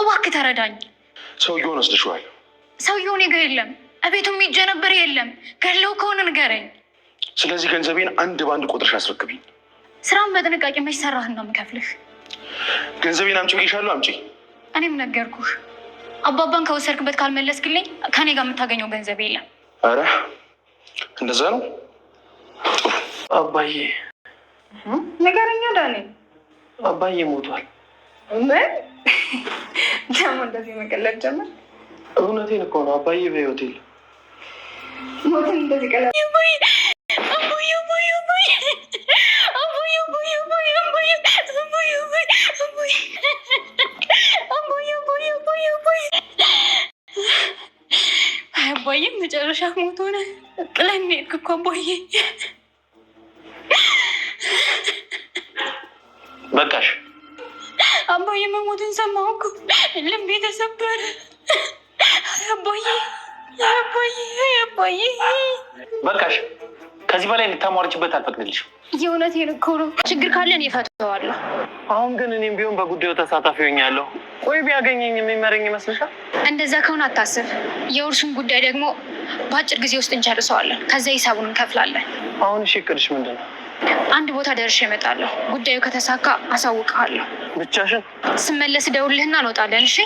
እባክህ ተረዳኝ። ሰውየውን ወስድሽዋል? ሰውየው እኔ ጋ የለም። እቤቱ ሂጄ ነበር፣ የለም። ገለው ከሆነ ንገረኝ። ስለዚህ ገንዘቤን አንድ በአንድ ቆጥረሽ አስረክቢኝ። ስራም በጥንቃቄ መች ነው የምከፍልህ። ገንዘቤን አምጪ ብዬሻለሁ፣ አምጪ። እኔም ነገርኩህ። አባባን ከወሰድክበት ካልመለስክልኝ ከኔ ጋር የምታገኘው ገንዘብ የለም። አረ እንደዛ ነው አባዬ። ነገረኛ ዳኔ አባዬ ሞቷል። ምን ደግሞ እንደዚህ መቀለድ ጀመር። እውነቴን እኮ ነው አባዬ በህይወት የለም። ሞትን እንደዚህ ቀለድ አባዬ መጨረሻ ሞት ሆነ። ጥለን ሄድክ እኮ አባዬ። በቃሽ አባዬ መሞትን ሰማሁ እኮ ልቤ ተሰበረ። አባዬ አባዬ አባዬ በቃሽ። ከዚህ በላይ እንድታሟርችበት አልፈቅድልሽም። የእውነቴን እኮ ነው። ችግር ካለን እኔ አሁን ግን እኔም ቢሆን በጉዳዩ ተሳታፊ ሆኛለሁ። ቆይ ቢያገኘኝ የሚመረኝ ይመስልሻል? እንደዛ ከሆነ አታስብ። የውርሱን ጉዳይ ደግሞ በአጭር ጊዜ ውስጥ እንጨርሰዋለን። ከዛ ሂሳቡን እንከፍላለን። አሁን እሺ፣ እቅድሽ ምንድን ነው? አንድ ቦታ ደርሼ እመጣለሁ። ጉዳዩ ከተሳካ አሳውቅሃለሁ። ብቻሽን? ስመለስ ደውልህና እንወጣለን። እሺ?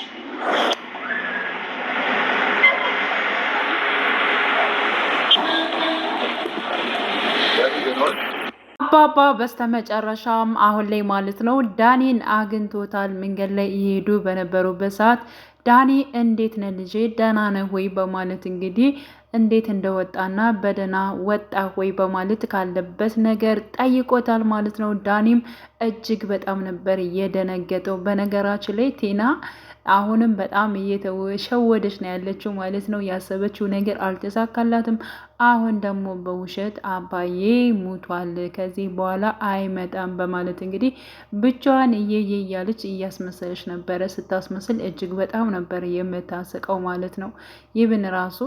አባባ በስተመጨረሻም አሁን ላይ ማለት ነው ዳኒን አግኝቶታል። መንገድ ላይ እየሄዱ በነበሩበት ሰዓት ዳኒ እንዴት ነህ ልጄ፣ ደህና ነህ ወይ በማለት እንግዲህ እንዴት እንደወጣና በደህና ወጣ ወይ በማለት ካለበት ነገር ጠይቆታል ማለት ነው። ዳኒም እጅግ በጣም ነበር የደነገጠው። በነገራችን ላይ ቴና። አሁንም በጣም እየተሸወደች ነው ያለችው ማለት ነው። ያሰበችው ነገር አልተሳካላትም። አሁን ደግሞ በውሸት አባዬ ሙቷል፣ ከዚህ በኋላ አይመጣም በማለት እንግዲህ ብቻዋን እየየ እያለች እያስመሰለች ነበረ። ስታስመስል እጅግ በጣም ነበር የምታስቀው ማለት ነው። ይብን ራሱ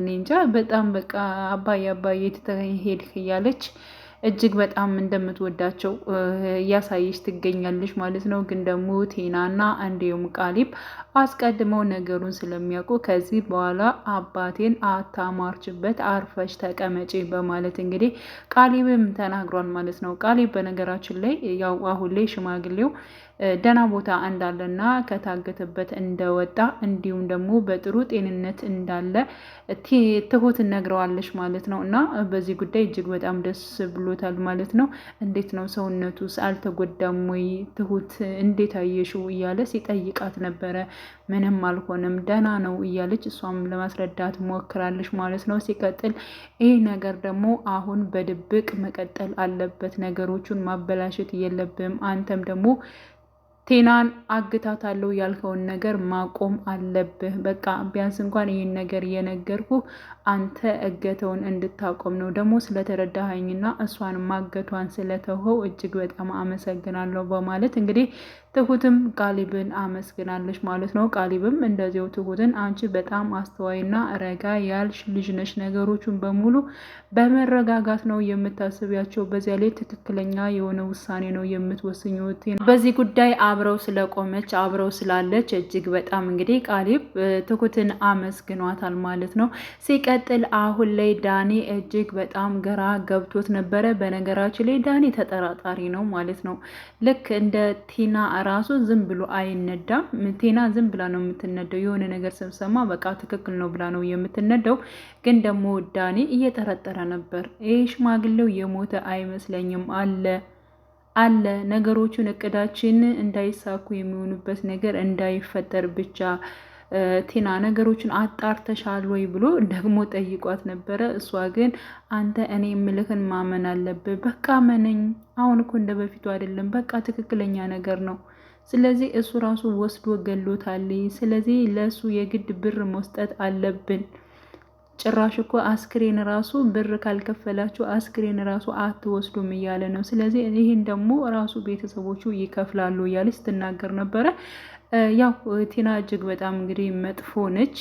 እኔ እንጃ በጣም በቃ አባዬ አባዬ የት ሄድክ እያለች እጅግ በጣም እንደምትወዳቸው እያሳየች ትገኛለች ማለት ነው። ግን ደግሞ ቴናና እንዲሁም ቃሊብ አስቀድመው ነገሩን ስለሚያውቁ ከዚህ በኋላ አባቴን አታማርችበት፣ አርፈሽ ተቀመጪ በማለት እንግዲህ ቃሊብም ተናግሯል ማለት ነው። ቃሊብ በነገራችን ላይ ያው አሁን ላይ ሽማግሌው ደህና ቦታ እንዳለና ከታገተበት እንደወጣ እንዲሁም ደግሞ በጥሩ ጤንነት እንዳለ ትሁት ነግረዋለች ማለት ነው እና በዚህ ጉዳይ እጅግ በጣም ደስ ብሎ ብሎታል ማለት ነው። እንዴት ነው ሰውነቱስ አልተጎዳም ወይ ትሁት እንዴት አየሽው እያለ ሲጠይቃት ነበረ። ምንም አልሆነም ደህና ነው እያለች እሷም ለማስረዳት ሞክራለች ማለት ነው። ሲቀጥል ይህ ነገር ደግሞ አሁን በድብቅ መቀጠል አለበት፣ ነገሮቹን ማበላሸት የለብም። አንተም ደግሞ ቴናን አግታታለሁ ያልከውን ነገር ማቆም አለብህ። በቃ ቢያንስ እንኳን ይህን ነገር እየነገርኩ አንተ እገተውን እንድታቆም ነው። ደግሞ ስለተረዳኸኝና እሷን ማገቷን ስለተውኸው እጅግ በጣም አመሰግናለሁ በማለት እንግዲህ ትሁትም ቃሊብን አመስግናለች ማለት ነው። ቃሊብም እንደዚው ትሁትን አንቺ በጣም አስተዋይና ረጋ ያልሽ ልጅ ነገሮቹን በሙሉ በመረጋጋት ነው የምታስቢያቸው። በዚያ ላይ ትክክለኛ የሆነ ውሳኔ ነው የምትወስኝ። በዚህ ጉዳይ አብረው ስለቆመች አብረው ስላለች እጅግ በጣም እንግዲህ ቃሊብ ትሁትን አመስግኗታል ማለት ነው ሲቀ ሲቀጥል አሁን ላይ ዳኒ እጅግ በጣም ግራ ገብቶት ነበረ። በነገራችን ላይ ዳኒ ተጠራጣሪ ነው ማለት ነው። ልክ እንደ ቲና ራሱ ዝም ብሎ አይነዳም። ቲና ዝም ብላ ነው የምትነደው። የሆነ ነገር ስብሰማ በቃ ትክክል ነው ብላ ነው የምትነደው። ግን ደግሞ ዳኒ እየጠረጠረ ነበር። ይህ ሽማግሌው የሞተ አይመስለኝም አለ አለ ነገሮቹን እቅዳችን እንዳይሳኩ የሚሆኑበት ነገር እንዳይፈጠር ብቻ ቲና ነገሮችን አጣርተሻል ወይ ብሎ ደግሞ ጠይቋት ነበረ። እሷ ግን አንተ እኔ የምልህን ማመን አለብህ፣ በቃ መነኝ። አሁን እኮ እንደ በፊቱ አይደለም፣ በቃ ትክክለኛ ነገር ነው። ስለዚህ እሱ ራሱ ወስዶ ገሎታል። ስለዚህ ለእሱ የግድ ብር መስጠት አለብን። ጭራሽ እኮ አስክሬን ራሱ ብር ካልከፈላችሁ አስክሬን ራሱ አትወስዱም እያለ ነው። ስለዚህ ይህን ደግሞ ራሱ ቤተሰቦቹ ይከፍላሉ እያለች ስትናገር ነበረ። ያው ቲና እጅግ በጣም እንግዲህ መጥፎ ነች።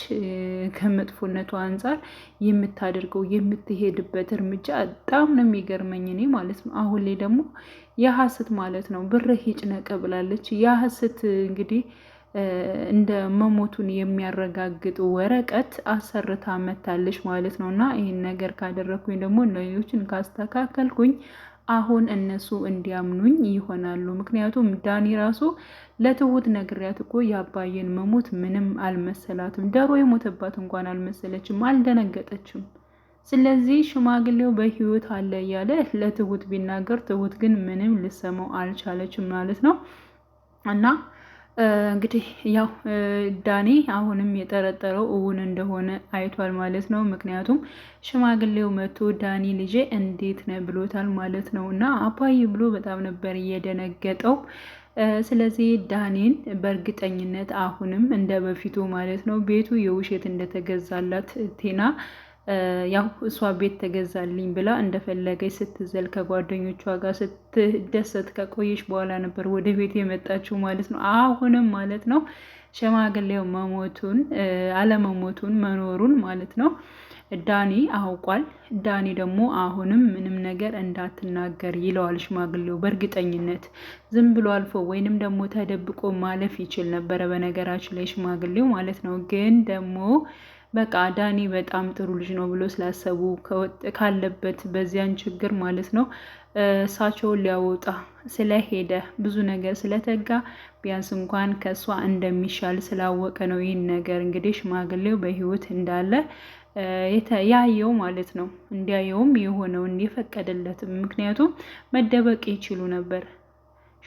ከመጥፎነቱ አንጻር የምታደርገው የምትሄድበት እርምጃ በጣም ነው የሚገርመኝ እኔ ማለት ነው። አሁን ላይ ደግሞ የሀስት ማለት ነው ብር ሂጭ ነቀ ብላለች። የሀሰት እንግዲህ እንደ መሞቱን የሚያረጋግጥ ወረቀት አሰርታ መታለች ማለት ነው። እና ይህን ነገር ካደረግኩኝ ደግሞ ሌሎችን ካስተካከልኩኝ አሁን እነሱ እንዲያምኑኝ ይሆናሉ። ምክንያቱም ዳኒ ራሱ ለትሁት ነግሪያት እኮ የአባዬን መሞት ምንም አልመሰላትም። ደሮ የሞተባት እንኳን አልመሰለችም፣ አልደነገጠችም። ስለዚህ ሽማግሌው በህይወት አለ እያለ ለትሁት ቢናገር ትሁት ግን ምንም ልሰማው አልቻለችም ማለት ነው እና እንግዲህ ያው ዳኔ አሁንም የጠረጠረው እውን እንደሆነ አይቷል ማለት ነው። ምክንያቱም ሽማግሌው መቶ ዳኒ ልጄ እንዴት ነ ብሎታል ማለት ነው። እና አባዬ ብሎ በጣም ነበር እየደነገጠው። ስለዚህ ዳኔን በእርግጠኝነት አሁንም እንደ በፊቱ ማለት ነው ቤቱ የውሸት እንደተገዛላት ቴና ያው እሷ ቤት ተገዛልኝ ብላ እንደፈለገች ስትዘል ከጓደኞቿ ጋር ስትደሰት ከቆየች በኋላ ነበር ወደ ቤት የመጣችው ማለት ነው። አሁንም ማለት ነው ሸማግሌው መሞቱን አለመሞቱን መኖሩን ማለት ነው ዳኒ አውቋል። ዳኒ ደግሞ አሁንም ምንም ነገር እንዳትናገር ይለዋል ሽማግሌው በእርግጠኝነት ዝም ብሎ አልፎ ወይንም ደግሞ ተደብቆ ማለፍ ይችል ነበረ፣ በነገራችን ላይ ሽማግሌው ማለት ነው ግን ደግሞ በቃ ዳኒ በጣም ጥሩ ልጅ ነው ብሎ ስላሰቡ ካለበት በዚያን ችግር ማለት ነው እሳቸውን ሊያወጣ ስለሄደ ብዙ ነገር ስለተጋ ቢያንስ እንኳን ከእሷ እንደሚሻል ስላወቀ ነው ይህን ነገር እንግዲህ ሽማግሌው በህይወት እንዳለ ያየው ማለት ነው። እንዲያየውም የሆነውን የፈቀደለትም። ምክንያቱም መደበቅ ይችሉ ነበር፣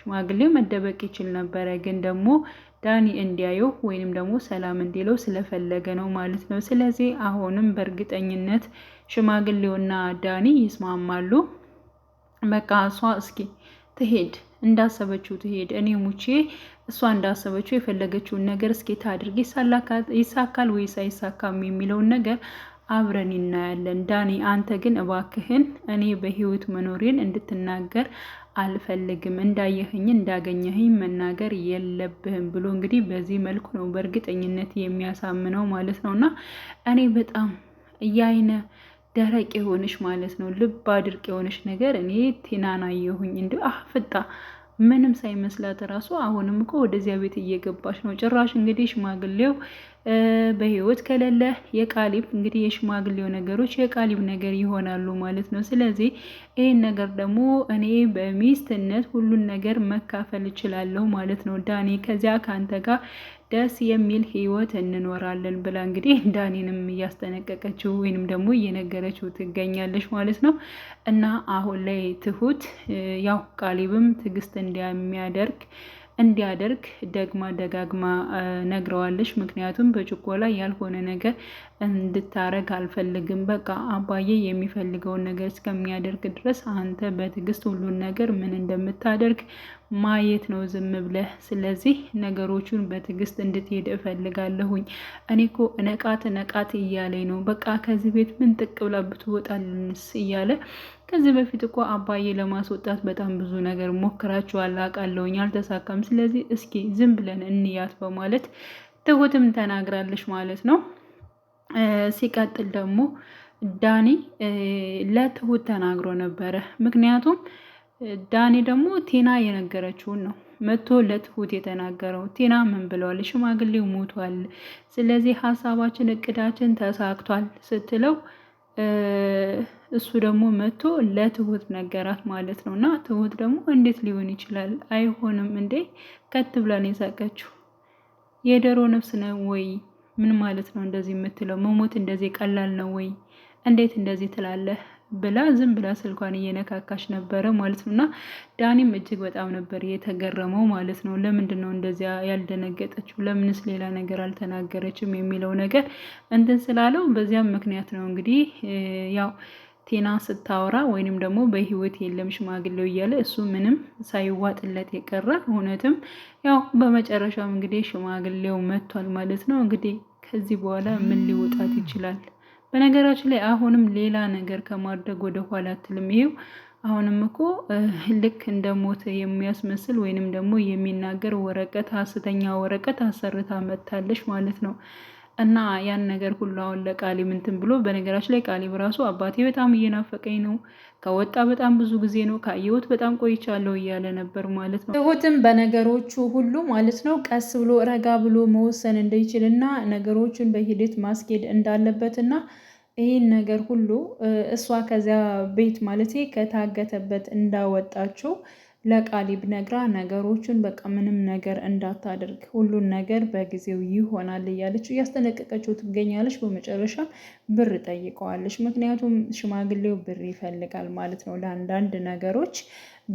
ሽማግሌው መደበቅ ይችል ነበረ ግን ደግሞ ዳኒ እንዲያየው ወይንም ደግሞ ሰላም እንዲለው ስለፈለገ ነው ማለት ነው። ስለዚህ አሁንም በእርግጠኝነት ሽማግሌውና ዳኒ ይስማማሉ። በቃ እሷ እስኪ ትሄድ እንዳሰበችው ትሄድ፣ እኔ ሙቼ እሷ እንዳሰበችው የፈለገችውን ነገር እስኪ ታድርግ። ይሳካል ወይስ አይሳካም የሚለውን ነገር አብረን እናያለን። ዳኒ አንተ ግን እባክህን እኔ በህይወት መኖሬን እንድትናገር አልፈልግም እንዳየህኝ እንዳገኘህኝ መናገር የለብህም ብሎ እንግዲህ በዚህ መልኩ ነው በእርግጠኝነት የሚያሳምነው ማለት ነው። እና እኔ በጣም እያይነ ደረቅ የሆነች ማለት ነው ልብ አድርቅ የሆነች ነገር እኔ ቴናና የሁኝ እንዲ አፍጣ ምንም ሳይመስላት ራሱ አሁንም እኮ ወደዚያ ቤት እየገባች ነው። ጭራሽ እንግዲህ ሽማግሌው በህይወት ከሌለ የቃሊብ እንግዲህ የሽማግሌው ነገሮች የቃሊብ ነገር ይሆናሉ ማለት ነው። ስለዚህ ይህን ነገር ደግሞ እኔ በሚስትነት ሁሉን ነገር መካፈል እችላለሁ ማለት ነው። ዳኔ ከዚያ ከአንተ ጋር ደስ የሚል ህይወት እንኖራለን ብላ እንግዲህ ዳኔንም እያስጠነቀቀችው ወይንም ደግሞ እየነገረችው ትገኛለች ማለት ነው። እና አሁን ላይ ትሁት ያው ቃሊብም ትዕግስት እንደሚያደርግ እንዲያደርግ ደግማ ደጋግማ ነግረዋለች። ምክንያቱም በችኮላ ያልሆነ ነገር እንድታረግ አልፈልግም። በቃ አባዬ የሚፈልገውን ነገር እስከሚያደርግ ድረስ አንተ በትዕግስት ሁሉን ነገር ምን እንደምታደርግ ማየት ነው ዝም ብለህ። ስለዚህ ነገሮቹን በትዕግስት እንድትሄድ እፈልጋለሁኝ። እኔ ኮ ነቃት ነቃት እያለኝ ነው። በቃ ከዚህ ቤት ምን ጥቅ ብላ ብትወጣልንስ እያለ ከዚህ በፊት እኮ አባዬ ለማስወጣት በጣም ብዙ ነገር ሞክራችኋል፣ አውቃለሁኝ፣ አልተሳካም። ስለዚህ እስኪ ዝም ብለን እንያት በማለት ትሁትም ተናግራለች ማለት ነው። ሲቀጥል ደግሞ ዳኒ ለትሁት ተናግሮ ነበረ። ምክንያቱም ዳኒ ደግሞ ቴና የነገረችውን ነው መጥቶ ለትሁት የተናገረው። ቴና ምን ብለዋል? ሽማግሌው ሞቷል፣ ስለዚህ ሀሳባችን እቅዳችን ተሳክቷል ስትለው እሱ ደግሞ መጥቶ ለትሁት ነገራት ማለት ነው። እና ትሁት ደግሞ እንዴት ሊሆን ይችላል? አይሆንም እንዴ ከት ብላን የሳቀችው። የዶሮ ነፍስ ነው ወይ? ምን ማለት ነው እንደዚህ የምትለው? መሞት እንደዚህ ቀላል ነው ወይ? እንዴት እንደዚህ ትላለህ? ብላ ዝም ብላ ስልኳን እየነካካች ነበረ ማለት ነው። እና ዳኒም እጅግ በጣም ነበር የተገረመው ማለት ነው። ለምንድን ነው እንደዚያ ያልደነገጠችው? ለምንስ ሌላ ነገር አልተናገረችም? የሚለው ነገር እንትን ስላለው በዚያም ምክንያት ነው እንግዲህ ያው ቴና ስታወራ ወይንም ደግሞ በህይወት የለም ሽማግሌው እያለ እሱ ምንም ሳይዋጥለት የቀረ እውነትም ያው በመጨረሻም እንግዲህ ሽማግሌው መጥቷል ማለት ነው። እንግዲህ ከዚህ በኋላ ምን ሊወጣት ይችላል? በነገራችን ላይ አሁንም ሌላ ነገር ከማድረግ ወደ ኋላ አትልም። ይሄው አሁንም እኮ ልክ እንደ ሞተ የሚያስመስል ወይንም ደግሞ የሚናገር ወረቀት ሀሰተኛ ወረቀት አሰርታ መጥታለች ማለት ነው። እና ያን ነገር ሁሉ አሁን ለቃሌም እንትን ብሎ በነገራችን ላይ ቃሌም ራሱ አባቴ በጣም እየናፈቀኝ ነው ከወጣ በጣም ብዙ ጊዜ ነው ካየሁት በጣም ቆይቻለሁ እያለ ነበር ማለት ነው። ትሁትም በነገሮቹ ሁሉ ማለት ነው ቀስ ብሎ ረጋ ብሎ መወሰን እንደይችልና ነገሮቹን በሂደት ማስኬድ እንዳለበትና ይህን ነገር ሁሉ እሷ ከዚያ ቤት ማለት ከታገተበት እንዳወጣቸው ለቃሊብ ነግራ ነገሮችን በቃ ምንም ነገር እንዳታደርግ ሁሉን ነገር በጊዜው ይሆናል እያለች እያስጠነቀቀችው ትገኛለች። በመጨረሻ ብር ጠይቀዋለች። ምክንያቱም ሽማግሌው ብር ይፈልጋል ማለት ነው ለአንዳንድ ነገሮች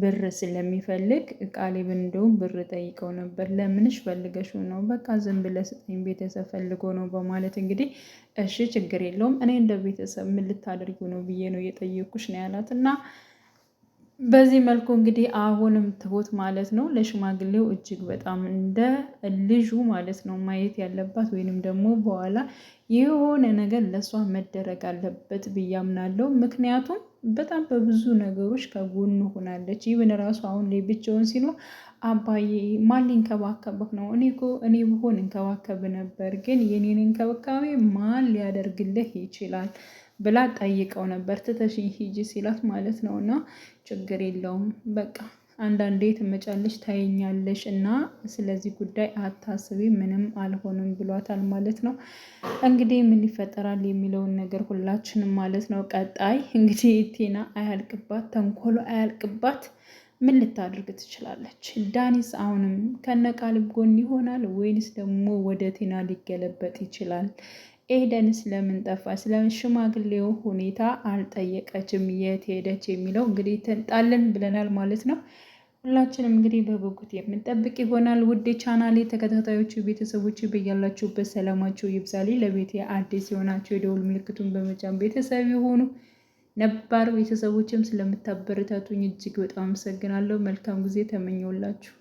ብር ስለሚፈልግ ቃሊብ እንደውም ብር ጠይቀው ነበር። ለምንሽ ፈልገሽው ነው? በቃ ዝም ብለህ ስጠኝ፣ ቤተሰብ ፈልጎ ነው በማለት እንግዲህ እሺ ችግር የለውም እኔ እንደ ቤተሰብ ምን ልታደርጊው ነው ብዬ ነው የጠየኩሽ ነው ያላት እና በዚህ መልኩ እንግዲህ አሁንም ትሁት ማለት ነው ለሽማግሌው እጅግ በጣም እንደ ልጁ ማለት ነው ማየት ያለባት ወይንም ደግሞ በኋላ የሆነ ነገር ለእሷ መደረግ አለበት ብዬ አምናለሁ። ምክንያቱም በጣም በብዙ ነገሮች ከጎኑ ሆናለች። ይህን ራሱ አሁን ላይ ብቻውን ሲኖር አባዬ ማን ሊንከባከብህ ነው? እኔ እኮ እኔ ብሆን እንከባከብ ነበር፣ ግን የኔን እንክብካቤ ማን ሊያደርግልህ ይችላል? ብላ ጠይቀው ነበር። ትተሽ ሂጂ ሲላት ማለት ነው እና ችግር የለውም በቃ አንዳንዴ ትመጫለሽ ታየኛለሽ፣ እና ስለዚህ ጉዳይ አታስቢ፣ ምንም አልሆንም ብሏታል ማለት ነው። እንግዲህ ምን ይፈጠራል የሚለውን ነገር ሁላችንም ማለት ነው። ቀጣይ እንግዲህ ቴና አያልቅባት፣ ተንኮሎ አያልቅባት፣ ምን ልታደርግ ትችላለች? ዳኒስ አሁንም ከነቃልብ ጎን ይሆናል ወይንስ ደግሞ ወደ ቴና ሊገለበጥ ይችላል ኤደንስ ለምን ጠፋ? ስለምን ሽማግሌው ሁኔታ አልጠየቀችም። የት ሄደች የሚለው እንግዲህ ተንጣልን ብለናል ማለት ነው። ሁላችንም እንግዲህ በጉጉት የምንጠብቅ ይሆናል። ውድ ቻናሌ ተከታታዮቹ ቤተሰቦች በያላችሁበት ሰላማችሁ ይብዛል። ለቤት አዲስ የሆናቸው የደውል ምልክቱን በመጫን ቤተሰብ የሆኑ ነባር ቤተሰቦችም ስለምታበረታቱኝ እጅግ በጣም አመሰግናለሁ። መልካም ጊዜ ተመኘውላችሁ።